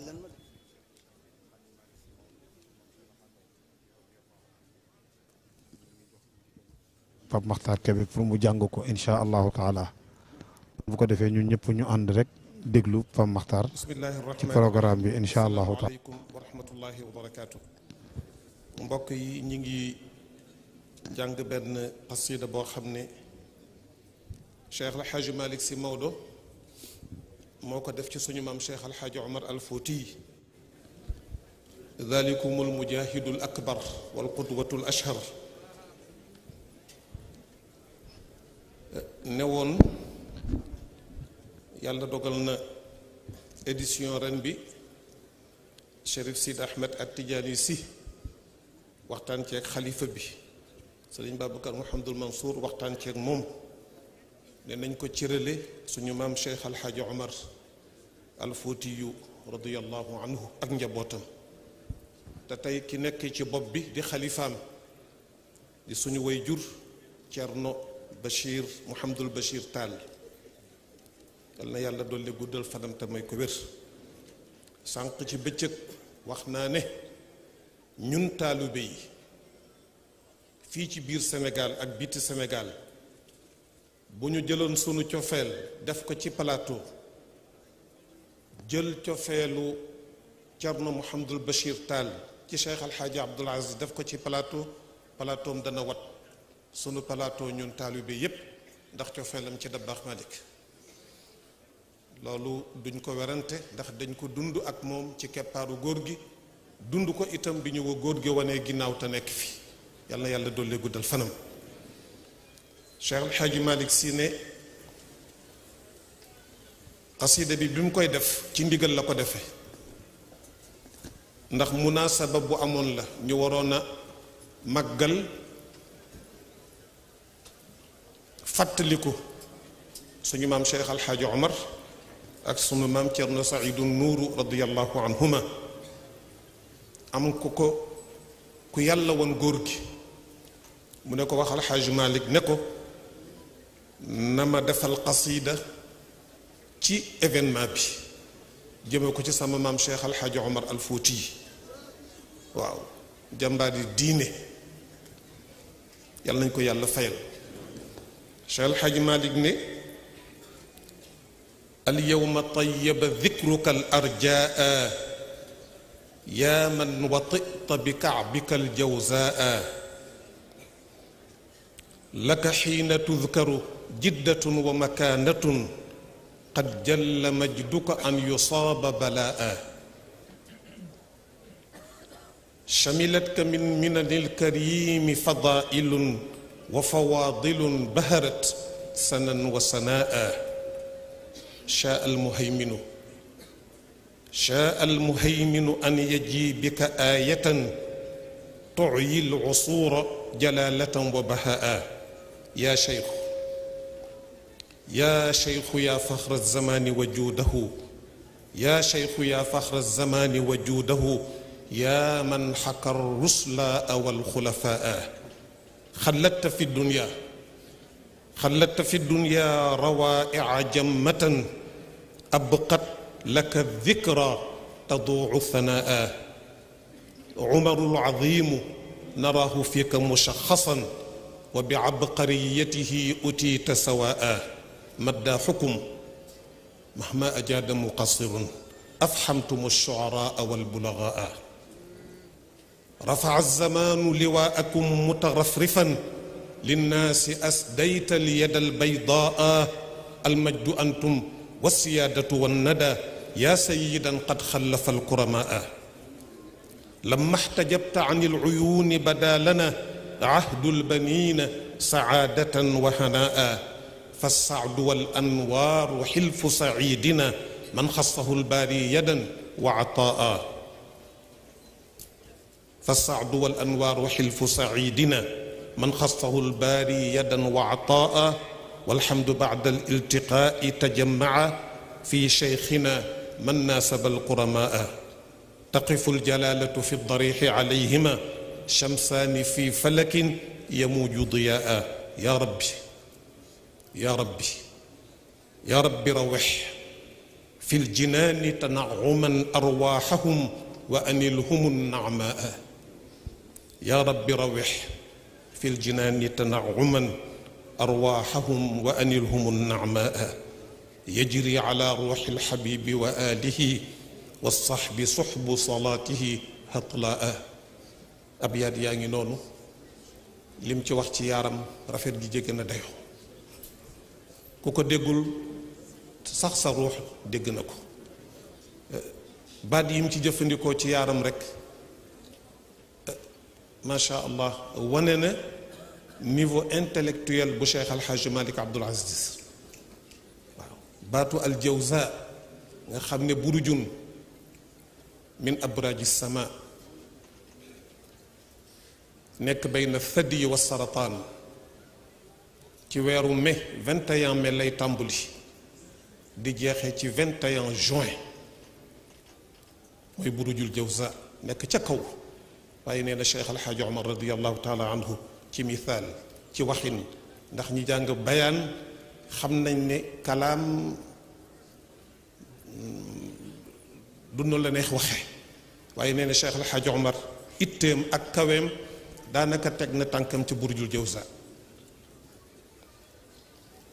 Sallanma da. Pape pour mu jàng ko incha allahu taala. bu ko defee ñu ñëpp ñu ànd rek déglu Pape Makhtar. ci programme bi incha allahu taala. asalaamaaleykum barakaatu. mbokk yi ñu ngi jàng benn xasida boo xam ne. Cheikh El Hadj Malick Sy Maodo. موكو دفتي سنو مام شيخ الحاج عمر الفوتي ذلكم المجاهد الأكبر والقدوة الأشهر نون يالا دوغلنا اديسيون رنبي شريف سيد احمد التجاني سي وقتان تيك خليفه بي سليم بابكر محمد المنصور وقتان تيك موم ne nañ ko cërale suñu maam cheikh alxaaji omar alfutiyu radiallahu anhu ak njabootam te tey ki nekk ci bopp bi di xalifaam di suñu way jur cerno bachir mouhamadul bachir taal yal na yàlla dolli guddal fanam te may ko wér sànq ci bëccëg wax naa ne ñun taalibe yi fii ci biir Sénégal ak biti Sénégal buñu jëlon sunu ciofel def ko ci plateau jël ciofelu Thierno Mouhamadul bashir tal ci Cheikh El Hadj Abdoul Aziz def ko ci plateau plateau am dana wat sunu plateau ñun talibé yépp ndax ciofelam ci Dabakh Malick lolu duñ ko werante ndax dañ ko dundu ak mom ci képparu góor gi dund ko itam biñu wo wa góor gi wanee ginnaaw te nekk fi yalla yàlla dolé guddal fanam Cheikh El Hadj Malick Sy ne xasida bi bi mu koy def ci ndigal la ko defee ndax munaasaba bu amoon la ñu waroon a màggal fàttaliku suñu maam Cheikh El Hadj Omar ak sunu maam Thierno Saïdou Nourou radiyallahu anhuma am ku ko ku yàlla woon góor gi mu ne ko wax Al Hadj Malick ne ko. na ma defal qasida ci événement bi jëme ko ci sama maam cheikh alxaaji omar al fouti yi waaw jàmbaari diine yàlla nañ ko yàlla fayal cheikh alxaaji malik ne اليوم طيب ذكرك الأرجاء يا من وطئت بكعبك الجوزاء لك حين تذكر جدة ومكانة قد جل مجدك أن يصاب بلاء شملتك من منن الكريم فضائل وفواضل بهرت سنا وسناء شاء المهيمن شاء المهيمن أن يجي بك آية تعيي العصور جلالة وبهاء يا شيخ يا شيخ يا فخر الزمان وجوده يا شيخ يا فخر الزمان وجوده يا من حكى الرسل والخلفاء خلدت في الدنيا خلدت في الدنيا روائع جمة أبقت لك الذكرى تضوع ثناء عمر العظيم نراه فيك مشخصا وبعبقريته أتيت سواء مدى حكم مهما أجاد مقصر أفحمتم الشعراء والبلغاء رفع الزمان لواءكم مترفرفا للناس أسديت اليد البيضاء المجد أنتم والسيادة والندى يا سيدا قد خلف الكرماء لما احتجبت عن العيون بدا لنا عهد البنين سعادة وهناء فالسعد والأنوار حلف سعيدنا من خصه الباري يدا وعطاء فالسعد والأنوار حلف سعيدنا من خصه الباري يدا وعطاء والحمد بعد الالتقاء تجمع في شيخنا من ناسب القرماء تقف الجلالة في الضريح عليهما شمسان في فلك يموج ضياء يا ربي يا ربي يا رب روح في الجنان تنعما أرواحهم وأنلهم النعماء يا رب روح في الجنان تنعما أرواحهم وأنلهم النعماء يجري على روح الحبيب وآله والصحب صحب صلاته هطلاء أبيات يعني نونو لم تي يا يارم رفيت جي دايو kuko degul déggul sax sa ruux dégg na ko baat ci jëfandikoo ci yaram rek ma sha allah wane niveau intellectuel bu Cheikh Al Hadj malik abdul Aziz waaw baatu al jawza nga xamne ne burujun min abraji sama nek bayna thadi wa saratan ci wéru mai 21 mai lay tambuli di jexé ci 21 juin moy buru jul jawza nek ci kaw waye nee na Cheikh Alxaaji Omar radiyallahu taala anhu ci mithal ci waxin ndax ñi jàng bayan xam nañ ne kalam du no la neex waxe waye nee na Cheikh Alxaaji Omar itteem ak kaweem daanaka tek na tànkam ci buru jul jawza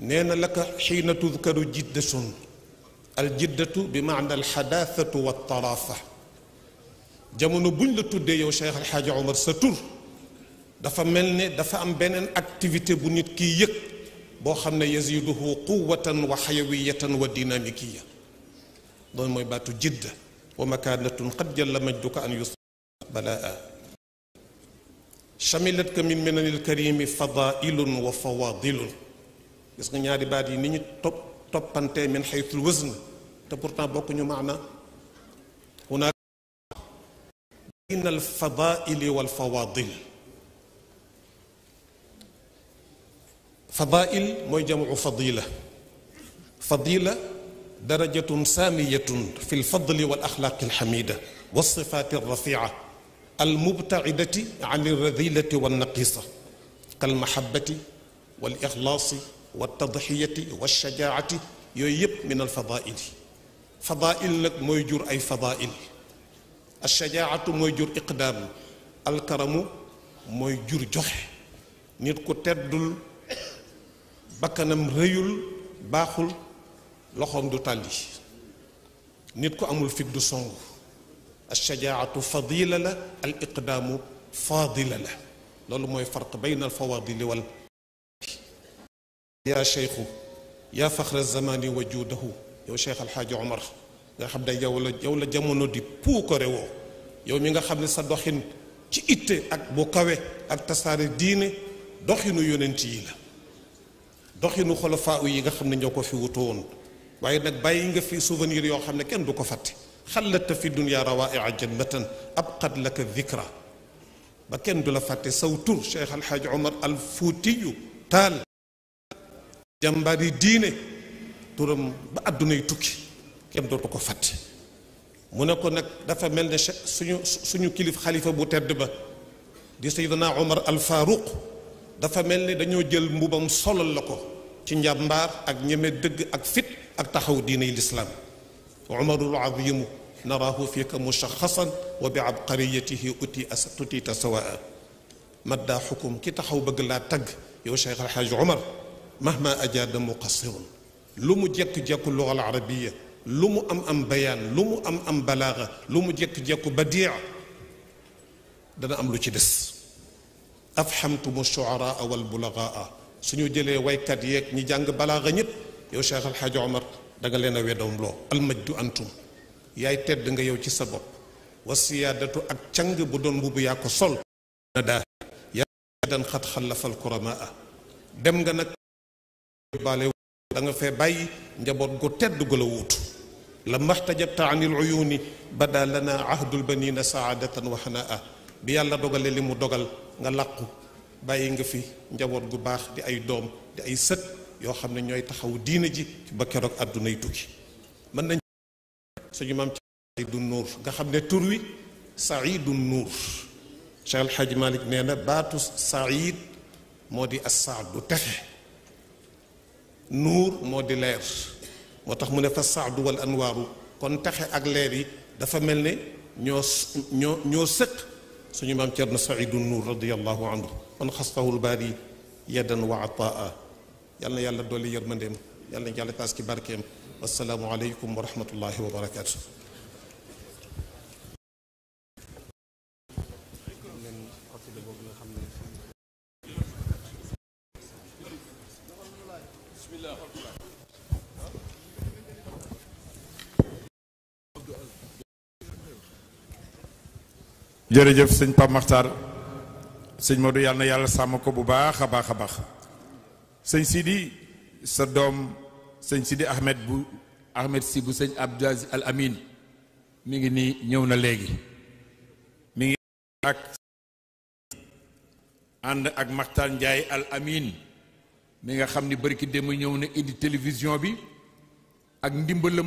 نين لك حين تذكر جدة الجدة بمعنى الحداثة والطرافة جمونو بن لا تودي يو شيخ الحاج عمر ستور دا فا ملني دا ام بنين اكتيفيتي بو نيت كي ييك بو خامن يزيده قوة وحيوية وديناميكية دون موي باتو جدة ومكانة قد جل مجدك ان بلاء شملت شملتك من منن الكريم فضائل وفواضل gis nga ñaari baat yi ni ñu top topante min xaytul wësn te pourtant bokku ñu maana huna inal fadail wal fawadil fadail moy jamu fadila fadila darajatun samiyatun fil fadl wal akhlaq al hamida درجة سامية في الفضل والأخلاق الحميدة والصفات radhilati المبتعدة naqisa kal mahabbati wal ikhlasi والتضحية والشجاعة ييب من الفضائل فضائل لك موجور أي فضائل الشجاعة موجور إقدام الكرم موجور جح نيركو تدل بكنم ريول باخل لخم دو تالي نيركو أمول فيك دو صنغ الشجاعة فضيلة الإقدام فاضلة لا لولو موي فرق بين الفواضل والفضل يا شيخ يا فخر الزمان وجوده يا شيخ الحاج عمر يا خبدا يا ولا يا ولا جامونو دي بوكو ريو يا ميغا خامني سا دوخين تي ايتي اك بو كاوي اك تسار الدين دوخينو يوننتي لا دوخينو خلفاء ييغا خامني نيوكو في ووتون واي نك باي ييغا في سوفينير يو خامني كين دوكو فاتي خلت في الدنيا روائع جنه ابقد لك الذكرى ما كين دولا فاتي سوتور شيخ الحاج عمر الفوتي تال jàmbaari diine turam ba àddunay tukki kenn dootu ko fàtte mu ne ko nag dafa mel suñu suñu kilif khalifa bu tedd ba di sayyidina umar al Faruq dafa mel dañu jël mbubam solal lako ci njambar ak ñeme deug ak fit ak taxaw diine l'islam omarul azimu naraahu fiika mushaxasan wa bi اتي uti as tuti tasawaa maddaa xukum ki taxaw bëgg laa tagg yow مهما أجاد مقصر لم جك جك اللغة العربية لم أم أم بيان لم أم أم بلاغة لم جك جك بديع دنا أم لتدس أفهمتم الشعراء والبلغاء سنو جلي ويكاد يك ني جانغ بلاغة نيب يو شيخ الحاج عمر دغا لينا ويدوم لو المجد أنتم ياي tedd nga yow ci sa bopp wa siyaadatu ak cang bu doon mbubu yaa ko sol na daa dan xat xallafal kuramaa dem nga nag لما احتجبت عن العيون بدا لنا عهد البنين سعادة وحناء wuutu la maxtajabta an il ahdul saadatan nga làqu baye nga fi njabot gu bax di ay dom di ay sët yo xamne ñoy taxaw diina ji ba keroog aduna yi tukki man nañ suñu ci du nur nga xamne tur wi saidu nur cheikh alxaaji malik neena na said modi di assaadu texe نور مودي لير موتاخ مو نفا سعد والانوار كون تخي اك لير دي دا فا ملني ньо ньо سك سوني مام تيرن سعيد النور رضي الله عنه من خصه الباري يدا وعطاء يالنا يالا دولي يرمندم يالنا يالا تاسكي باركيم والسلام عليكم ورحمه الله وبركاته jërëjëf sëñ Pape Makhtar sëñ Modou yàlla na yàlla sàmm ko bu baax a baax a baax sëñ Sidi sa doom sëñ Sidi Ahmed bu Ahmed si bu sëñ Aziz Al Amin mi ngi nii ñëw na léegi mi ngi ak ànd ak Makhtar Ndiaye Al Amin mi nga xam ni barki démb ñëw na indi télévision bi ak ndimbalam